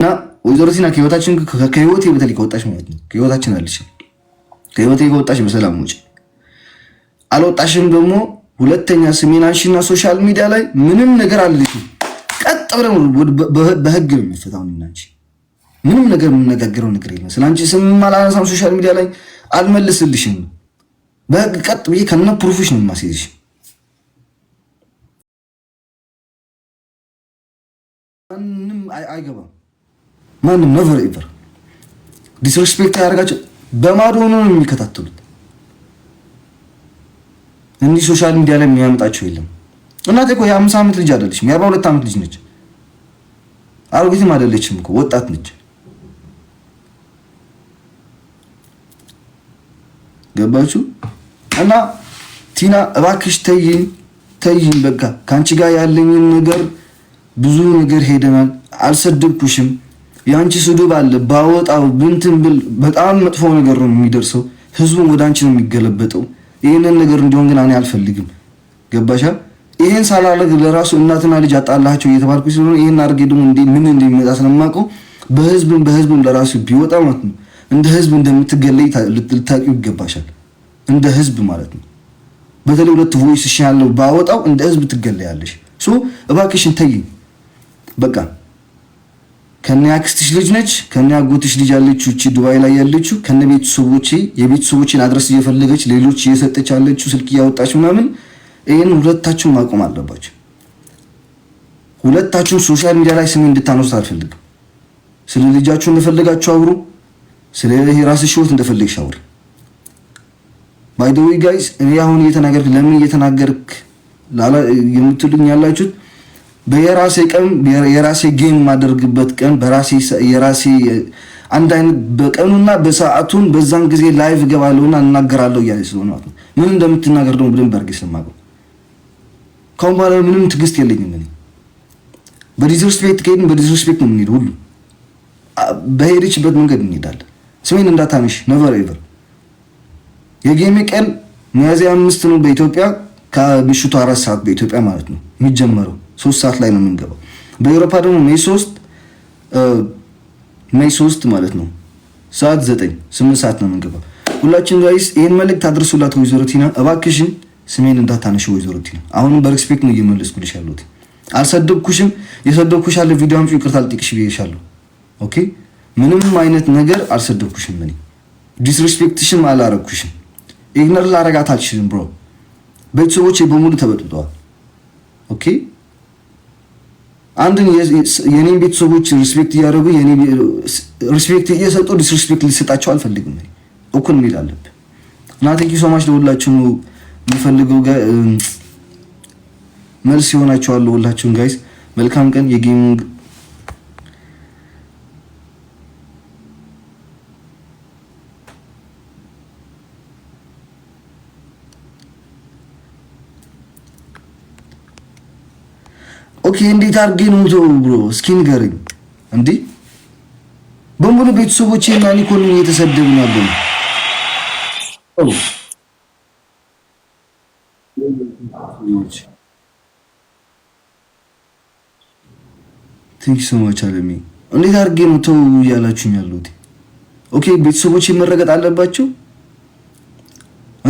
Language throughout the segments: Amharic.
እና ወይዘሮ ሲና ከህይወታችን ከህይወቴ በተለይ ከወጣች ማለት ነው ከህይወታችን አለች ከህይወቴ ከወጣች በሰላም ውጭ አልወጣሽም ደግሞ ሁለተኛ ስሜን አንሺና ሶሻል ሚዲያ ላይ ምንም ነገር አልልሽም። ቀጥ ብለ በህግ ነው የሚፈታው። ናንቺ ምንም ነገር የምነጋገረው ነገር የለም። ስለ አንቺ ስም አላነሳም፣ ሶሻል ሚዲያ ላይ አልመልስልሽም። በህግ ቀጥ ብዬ ከነ ፕሩፍሽ ነው የማስይዝሽ። ማንም አይገባም። ማንም ነቨር ኤቨር ዲስሪስፔክት ያደርጋቸው በማዶ ሆኖ ነው የሚከታተሉት። እንዲህ ሶሻል ሚዲያ ላይ የሚያመጣቸው የለም። እናቴ እኮ የአምስት ዓመት ልጅ አይደለችም፣ የአርባ ሁለት ዓመት ልጅ ነች። አሮጊትም አይደለችም እኮ ወጣት ነች። ገባችሁ? እና ቲና እባክሽ ተይኝ ተይኝ፣ በቃ ከአንቺ ጋር ያለኝን ነገር ብዙ ነገር ሄደናል። አልሰደብኩሽም የአንቺ ስድብ አለ ባወጣው ብንትን ብል በጣም መጥፎ ነገር ነው የሚደርሰው። ህዝቡን ወደ አንቺ ነው የሚገለበጠው። ይህንን ነገር እንዲሆን ግን እኔ አልፈልግም። ገባሻ? ይህን ሳላረግ ለራሱ እናትና ልጅ አጣላቸው እየተባልኩ ስለሆነ ይህን አድርጌ ደግሞ ምን እንደሚመጣ ስለማውቀው በህዝብም በህዝብም ለራሱ ቢወጣ ማለት ነው እንደ ህዝብ እንደምትገለይ ልታቂው ይገባሻል። እንደ ህዝብ ማለት ነው። በተለይ ሁለት ቮይስ ያለው ባወጣው እንደ ህዝብ ትገለያለሽ። እባክሽን ተይ በቃ ከነ ያክስትሽ ልጅ ነች፣ ከነ ያጎትሽ ልጅ አለች እቺ ዱባይ ላይ ያለችው ከነ ቤተሰቦቼ የቤተሰቦቼን አድረስ እየፈለገች ሌሎች እየሰጠች ያለችው ስልክ እያወጣች ምናምን፣ ይህን ሁለታችሁም ማቆም አለባችሁ። ሁለታችሁም ሶሻል ሚዲያ ላይ ስም እንድታነሱት አልፈልግም። ስለ ልጃችሁ እንደፈለጋችሁ አውሩ። ስለ ራስሽ ህይወት እንደፈለግሽ አውሪ። ባይ ዘ ዌይ ጋይስ፣ እኔ አሁን እየተናገርክ ለምን እየተናገርክ የምትሉኝ ያላችሁት በየራሴ ቀን የራሴ ጌም የማደርግበት ቀን በራሴ የራሴ አንድ አይነት በቀኑና በሰዓቱን በዛን ጊዜ ላይቭ እገባለሁና እናገራለሁ እያለ ስለሆነ ምን እንደምትናገር ደግሞ በደንብ በርግ ስማቀ ካሁን በኋላ ምንም ትዕግስት የለኝም። እኔ በዲስሪስፔክት ከሄድን በዲስሪስፔክት ነው የምንሄደው። ሁሉ በሄደችበት መንገድ እንሄዳለን። ስሜን እንዳታነሺ ነቨር ኤቨር። የጌሜ ቀን ሚያዝያ አምስት ነው በኢትዮጵያ ከምሽቱ አራት ሰዓት በኢትዮጵያ ማለት ነው የሚጀመረው ሶስት ሰዓት ላይ ነው የምንገባው። በኤሮፓ ደግሞ ሜይ ሶስት ሜይ ሶስት ማለት ነው ሰዓት ዘጠኝ ስምንት ሰዓት ነው የምንገባው። ሁላችን ጋይስ ይህን መልእክት አድርሱላት ወይዘሮ ቲና እባክሽን፣ ስሜን እንዳታነሽ ወይዘሮ ቲና። አሁንም በሪስፔክት ነው እየመለስኩልሽ ያለሁት። አልሰደብኩሽም። የሰደብኩሽ አለ ቪዲዮ አምጪው ይቅርታ ልጠይቅሽ ብዬሻለሁ። ኦኬ ምንም አይነት ነገር አልሰደብኩሽም። ምን ዲስሪስፔክትሽም አላረግኩሽም። ኢግነር ላረጋት አልችልም ብሮ። ቤተሰቦቼ በሙሉ ተበጥብጠዋል። ኦኬ አንድን የኔን ቤተሰቦች ሪስፔክት እያደረጉ ሪስፔክት እየሰጡ ዲስሪስፔክት ሊሰጣቸው አልፈልግም። እኩል ሚል አለብ እና ቴንኪ ሶማች ለሁላችሁ የሚፈልገው መልስ ይሆናቸዋል። ለሁላችሁም ጋይስ መልካም ቀን የጌሚንግ ኦኬ እንዴት አድርጌ ነው ተው ብሎ እስኪ ንገረኝ። እንዴ በሙሉ ቤተሰቦቼ እና እኔ እኮ ነው እየተሰደብን ያለው። ቴንክ ማች አለሚ እንዴት አድርጌ ነው ተው እያላችሁኝ ያሉት? ኦኬ ቤተሰቦቼ መረገጥ አለባቸው።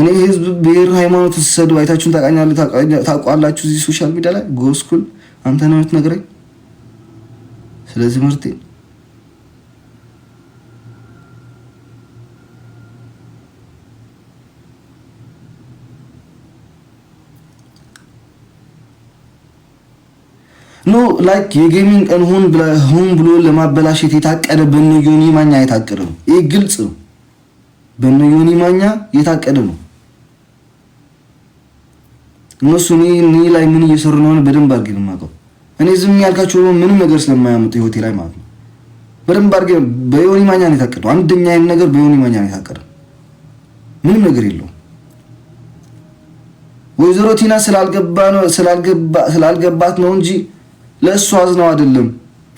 እኔ ህዝብ፣ ብሔር፣ ሃይማኖት ስሰዱ አይታችሁን ታውቃላችሁ እዚህ ሶሻል ሚዲያ ላይ ጎስኩል አንተ ነው የምትነግረኝ ስለዚህ ምርቴ ኖ ላይክ የጌሚንግ ቀን ሆን ብሎ ለማበላሸት የታቀደ በነ ዮኒ ማኛ የታቀደ ነው። ይህ ግልጽ ነው። በነ ዮኒ ማኛ የታቀደ ነው። እነሱ እኔ ላይ ምን እየሰሩ እንደሆነ በደንብ አድርጌ ነው የማውቀው። እኔ ዝም ያልካቸው ምንም ነገር ስለማያመጡ ህይወቴ ላይ ማለት ነው። በደንብ አድርጌ በዮኒ ማኛ ነው የታቀደው። አንደኛ ይህን ነገር በዮኒ ማኛ ነው የታቀደው። ምንም ነገር የለውም። ወይዘሮ ቲና ስላልገባት ነው እንጂ ለእሱ አዝነው አይደለም።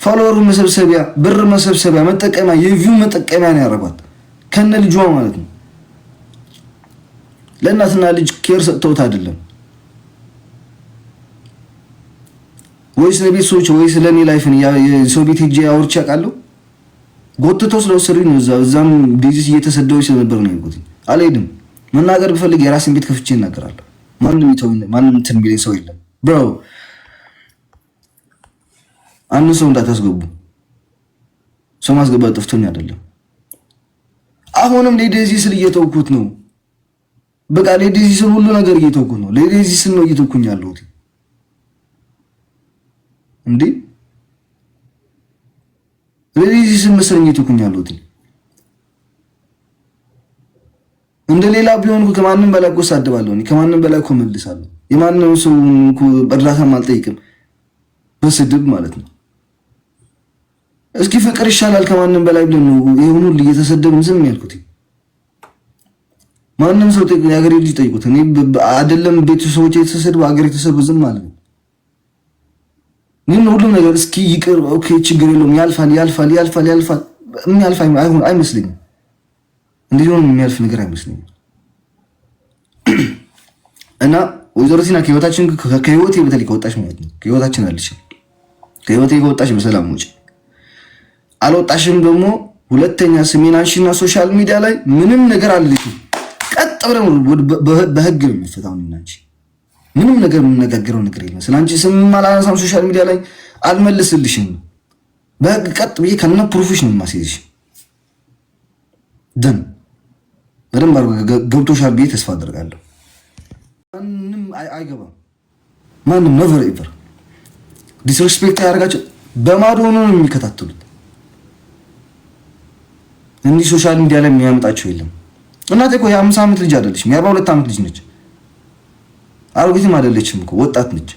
ፎሎወሩ መሰብሰቢያ፣ ብር መሰብሰቢያ፣ መጠቀሚያ፣ የቪው መጠቀሚያ ነው ያደረጓት ከነ ልጇ ማለት ነው። ለእናትና ልጅ ኬር ሰጥተውት አይደለም ወይስ ለቤት ሰዎች ወይስ ለእኔ ላይፍን ሰው ቤት ሄጄ አውርቼ አውቃለሁ? ጎትተው ስለወሰዱኝ ነው። እዛ እዛም ዴዚስ እየተሰደበች ስለነበር ነው ያልኩት። አልሄድም። መናገር ብፈልግ የራሴን ቤት ከፍቼ እናገራለሁ። ማንም ማንም እንትን የሚለኝ ሰው የለም። ብሮ አንድ ሰው እንዳታስገቡ። ሰው ማስገባት ጠፍቶኝ አይደለም። አሁንም ለዴዚ ስል እየተውኩት ነው። በቃ ለዴዚ ስል ሁሉ ነገር እየተውኩት ነው። ለዴዚ ስል ነው እየተውኩኝ ያለሁት። እንዴ እዚህ ስም መሰለኝ ትኩኛለሁት። እንደ ሌላ ቢሆን ከማንም በላይ እኮ ሳድባለሁ፣ ከማንም በላይ እኮ መልሳለሁ። የማንም ሰው እርዳታም አልጠይቅም፣ በስድብ ማለት ነው። እስኪ ፍቅር ይሻላል ከማንም በላይ ብለን ነው ይሁን ሁሉ እየተሰደብን ዝም ያልኩት። ማንም ሰው የአገሬ ልጅ ጠይቁት። እኔ አይደለም ቤተሰቦች የተሰደበ አገሬ የተሰደበ ዝም ማለት ነው። ይህን ሁሉም ነገር እስኪ ይቅር፣ ኦኬ፣ ችግር የለውም ያልፋል፣ ያልፋል፣ ያልፋል፣ ያልፋል። የሚያልፍ አይሆን አይመስለኝም። እንዲህ ሆን የሚያልፍ ነገር አይመስለኝም። እና ወይዘሮ ሲና ከህይወታችን ከህይወት በተለይ ከወጣሽ ማለት ነው ከህይወታችን አለች ከህይወት ከወጣሽ በሰላም ውጭ አልወጣሽም። ደግሞ ሁለተኛ ስሜን አንሺና ሶሻል ሚዲያ ላይ ምንም ነገር አልልሽም። ቀጥ ብለን በህግ ነው የሚፈታውን ናንቺ ምንም ነገር የምነጋገረው ነገር የለም። ስለ አንቺ ስም አላነሳም፣ ሶሻል ሚዲያ ላይ አልመልስልሽም። በህግ ቀጥ ብዬ ከነ ፕሮፌሽን ነው ደን በደንብ አድርጎ ገብቶሻል ብዬ ተስፋ አደርጋለሁ። ማንም አይገባም። ማንም ነቨር ኤቨር ዲስሬስፔክት ያደርጋቸው በማዶ ሆኖ ነው የሚከታተሉት። እንዲህ ሶሻል ሚዲያ ላይ የሚያመጣቸው የለም። እናቴ እኮ የአምስት ዓመት ልጅ አይደለችም፣ የአርባ ሁለት ዓመት ልጅ ነች። አሮጊትም አይደለችም እኮ ወጣት ነች።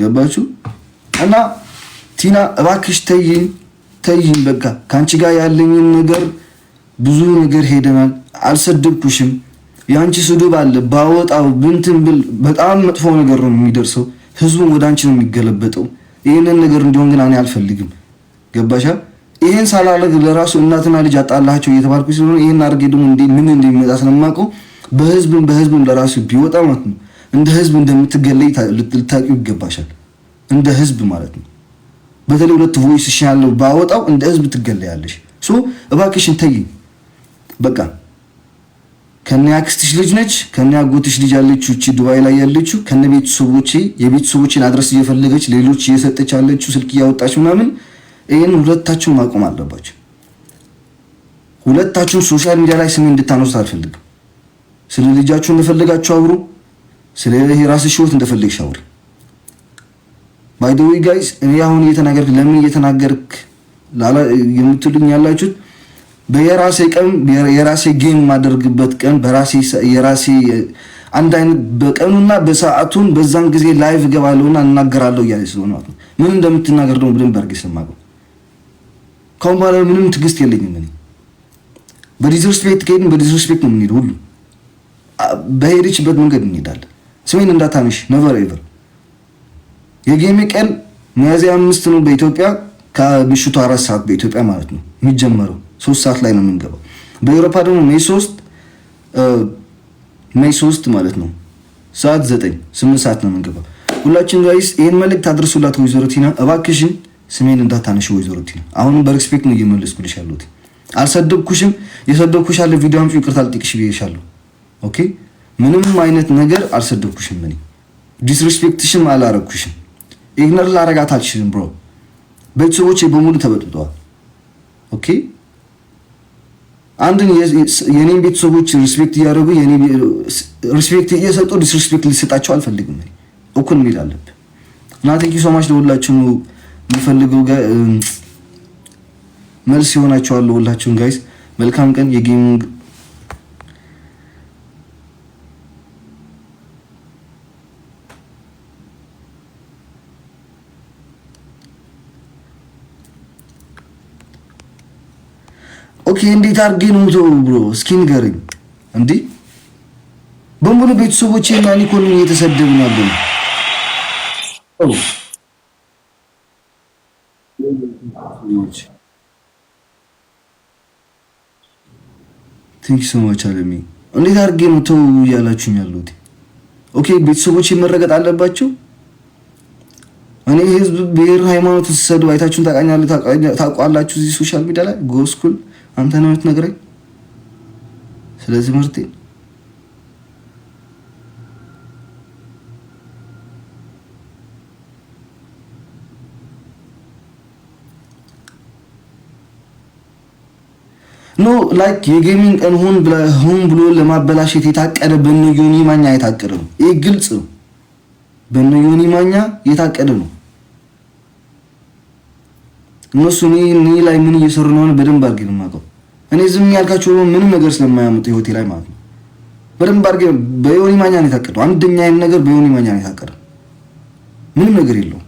ገባችሁ? እና ቲና እባክሽ ተይኝ ተይኝ፣ በቃ ከአንቺ ጋር ያለኝን ነገር ብዙ ነገር ሄደናል። አልሰደብኩሽም። የአንቺ ስድብ አለ ባወጣው ብንትን ብል በጣም መጥፎ ነገር ነው የሚደርሰው። ህዝቡን ወደ አንቺ ነው የሚገለበጠው። ይህንን ነገር እንዲሆን ግን እኔ አልፈልግም። ገባሻል? ይህን ሳላረግ ለራሱ እናትና ልጅ አጣላቸው እየተባልኩ ስለሆነ ይህን አድርጌ ደግሞ ምን እንደሚመጣ ስለማውቀው በህዝብም በህዝብም ለራሱ ቢወጣ ማለት ነው እንደ ህዝብ እንደምትገለይ ልታውቂው ይገባሻል። እንደ ህዝብ ማለት ነው። በተለይ ሁለት ቮይስ እሺ ያለው ባወጣው እንደ ህዝብ ትገለያለሽ። ሶ እባክሽን ተይ በቃ ከነ ያክስትሽ ልጅ ነች ከነ ያጎትሽ ልጅ አለች፣ እቺ ዱባይ ላይ ያለችው ከነ ቤተሰቦቼ የቤተሰቦቼን አድረስ እየፈለገች ሌሎች እየሰጠች ያለችው ስልክ እያወጣች ምናምን ይህን ሁለታችሁም ማቆም አለባችሁ። ሁለታችሁም ሶሻል ሚዲያ ላይ ስሜ እንድታነሱት አልፈልግም። ስለ ልጃችሁ እንደፈለጋችሁ አውሩ። ስለ ራስሽ ህይወት እንደፈለግሽ አውሪ። ባይ ዘ ዌይ ጋይስ እኔ አሁን እየተናገርክ ለምን እየተናገርክ የምትሉኝ ያላችሁት በየራሴ ቀን የራሴ ጌም የማደርግበት ቀን በራሴ የራሴ አንድ አይነት በቀኑና በሰዓቱን በዛን ጊዜ ላይቭ እገባለሁና እናገራለሁ እያለ ስለሆነ ምን እንደምትናገር ደግሞ በደንብ አድርጌ ስለማውቀው ካሁን በኋላ ምንም ትዕግስት የለኝም እኔ። በዲስሪስፔክት ከሄድን በዲስሪስፔክት ነው የምንሄደው። ሁሉ በሄደችበት መንገድ እንሄዳለን። ስሜን እንዳታነሽ ነቨር ኤቨር። የጌሜ ቀን ሚያዝያ አምስት ነው በኢትዮጵያ ከምሽቱ አራት ሰዓት በኢትዮጵያ ማለት ነው የሚጀመረው። ሶስት ሰዓት ላይ ነው የምንገባው። በኤሮፓ ደግሞ ሜይ ሶስት ሜይ ሶስት ማለት ነው ሰዓት ዘጠኝ ስምንት ሰዓት ነው የምንገባው። ሁላችን ጋይስ ይህን መልእክት አድርሱላት ወይዘሮ ቲና እባክሽን ስሜን እንዳታነሽ ወይዘሮ ቲና። አሁንም በሪስፔክት ነው እየመለስኩልሽ ያለሁት። አልሰደብኩሽም። የሰደብኩሽ አለ ቪዲዮ አምጪው ይቅርታ ልጠይቅሽ ብዬሻለሁ። ኦኬ ምንም አይነት ነገር አልሰደብኩሽም። እኔ ዲስሪስፔክትሽም አላረግኩሽም። ኢግኖር ላረጋት አልችልም ብሮ። ቤተሰቦቼ በሙሉ ተበጥብጠዋል። ኦኬ አንድን የኔን ቤተሰቦች ሪስፔክት እያደረጉ ሪስፔክት እየሰጡ ዲስሪስፔክት ሊሰጣቸው አልፈልግም። እኩል ሚል አለብ እና ቴንኪ ሶማች ለሁላችሁ የሚፈልገው መልስ ይሆናቸዋል። ሁላችሁም ጋይስ መልካም ቀን። የጌሚንግ ኦኬ፣ እንዴት አድርጌ ነው የምትወው ብሎ እስኪ ንገረኝ። እንዴ በሙሉ ቤተሰቦቼ እና ኒኮልን እየተሰደብን ያለ ነው። ዎች ቴንክ ሶማች አለሚ እንዴት አድርጌ ነው ተው እያላችሁኝ ያሉት? ኦኬ ቤተሰቦች መረገጥ አለባቸው። እኔ ህዝብ፣ ብሔር፣ ሃይማኖት ስሰዱ አይታችሁን ታቃኛለ ታቋላችሁ። እዚህ ሶሻል ሚዲያ ላይ ጎስኩል አንተ ነው የምትነግረኝ ስለዚህ ምርቴ ላይክ የጌሚንግ ቀን ሆን ብሎ ለማበላሸት የታቀደ በነ ዮኒ ማኛ የታቀደ ነው። ይህ ግልጽ ነው። በነ ዮኒ ማኛ የታቀደ ነው። እነሱ እኔ ላይ ምን እየሰሩ ነው በደንብ አድርጌ ነው የማውቀው። እኔ ዝም ያልካቸው ነው ምንም ነገር ስለማያመጡ ህይወቴ ላይ ማለት ነው። በደንብ አድርጌ በዮኒ ማኛ ነው የታቀደው። አንደኛ ነገር በዮኒ ማኛ ነው የታቀደው። ምንም ነገር የለውም።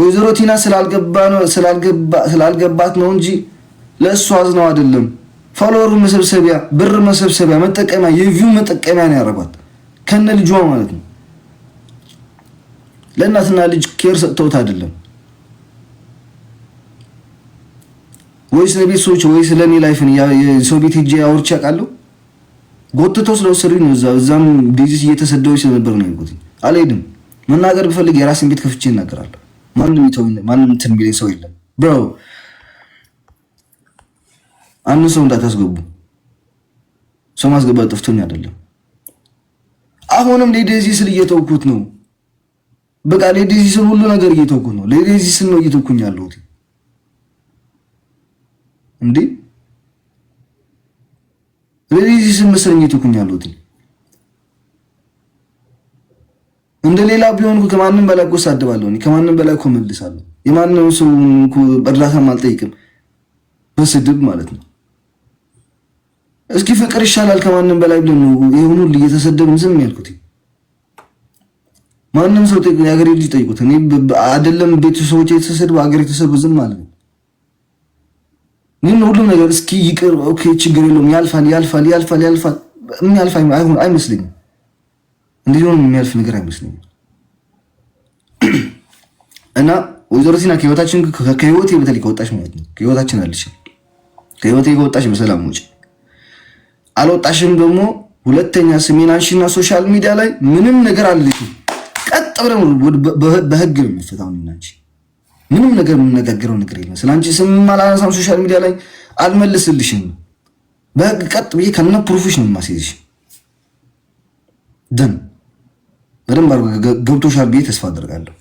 ወይዘሮ ቲና ስላልገባ ነው ስላልገባ ስላልገባት ነው እንጂ ለእሱ አዝነው አይደለም። ፎሎወር መሰብሰቢያ፣ ብር መሰብሰቢያ፣ መጠቀሚያ፣ የቪው መጠቀሚያ ነው ያደረጓት ከነ ልጇ ማለት ነው። ለእናትና ልጅ ኬር ሰጥተውት አይደለም ወይስ ለቤተሰቦች ወይስ ለእኔ ላይፍን ሰው ቤት ሄጄ አውርቼ አውቃለሁ። ጎትተው ስለወሰዱኝ ነው። እዛም ዲዚስ እየተሰደው ስለነበር ነው ይጎት አልሄድም። መናገር ብፈልግ የራስን ቤት ከፍቼ እናገራለሁ። ማንም ማንም እንትን የሚለኝ ሰው የለም ብሮ አንድ ሰው እንዳታስገቡ። ሰው ማስገባት ጥፍቶኝ አይደለም። አሁንም ለዴዚ ስል እየተውኩት ነው። በቃ ለዴዚ ስል ሁሉ ነገር እየተውኩት ነው። ለዴዚ ስል ነው እየተውኩኝ ያለሁት እንዴ ለዴዚ ስል መሰለኝ እየተውኩኝ ያለሁት። እንደ ሌላ ቢሆን ከማንም በላይ እኮ ሳድባለሁ፣ ከማንም በላይ እኮ መልሳለሁ። የማንም ሰው እርዳታም አልጠይቅም፣ በስድብ ማለት ነው። እስኪ ፍቅር ይሻላል ከማንም በላይ ብለን ነው ይሁን ሁሉ እየተሰደብን ዝም ያልኩት። ማንም ሰው የአገሬ ልጅ ጠይቁት። እኔ አይደለም ቤቱ ቤተሰቦች የተሰደቡ አገሬ የተሰደቡ ዝም ማለት ነው። ግን ሁሉም ነገር እስኪ ይቅር፣ ኦኬ፣ ችግር የለውም ያልፋል፣ ያልፋል፣ ያልፋል፣ ያልፋል። የሚያልፍ አይሆን አይመስለኝም። እንዲህ ሆነ የሚያልፍ ነገር አይመስለኝም። እና ወይዘሮ ሲና ከህይወታችን ከህይወቴ በተለይ ከወጣች ማለት ነው ከህይወታችን አልሽ ከህይወቴ ከወጣች በሰላም ውጭ አልወጣሽም ደግሞ ሁለተኛ ስሜን አንሺና ሶሻል ሚዲያ ላይ ምንም ነገር አለሽ። ቀጥ ብለ በህግ ነው የሚፈታው። ናንቺ ምንም ነገር የምነጋገረው ነገር የለም። ስለ አንቺ ስም አላነሳም፣ ሶሻል ሚዲያ ላይ አልመልስልሽም። በህግ ቀጥ ብዬ ከነ ፕሩፍሽ ነው የማስይዝሽ። ደን በደንብ ገብቶሻል ብዬ ተስፋ አደርጋለሁ።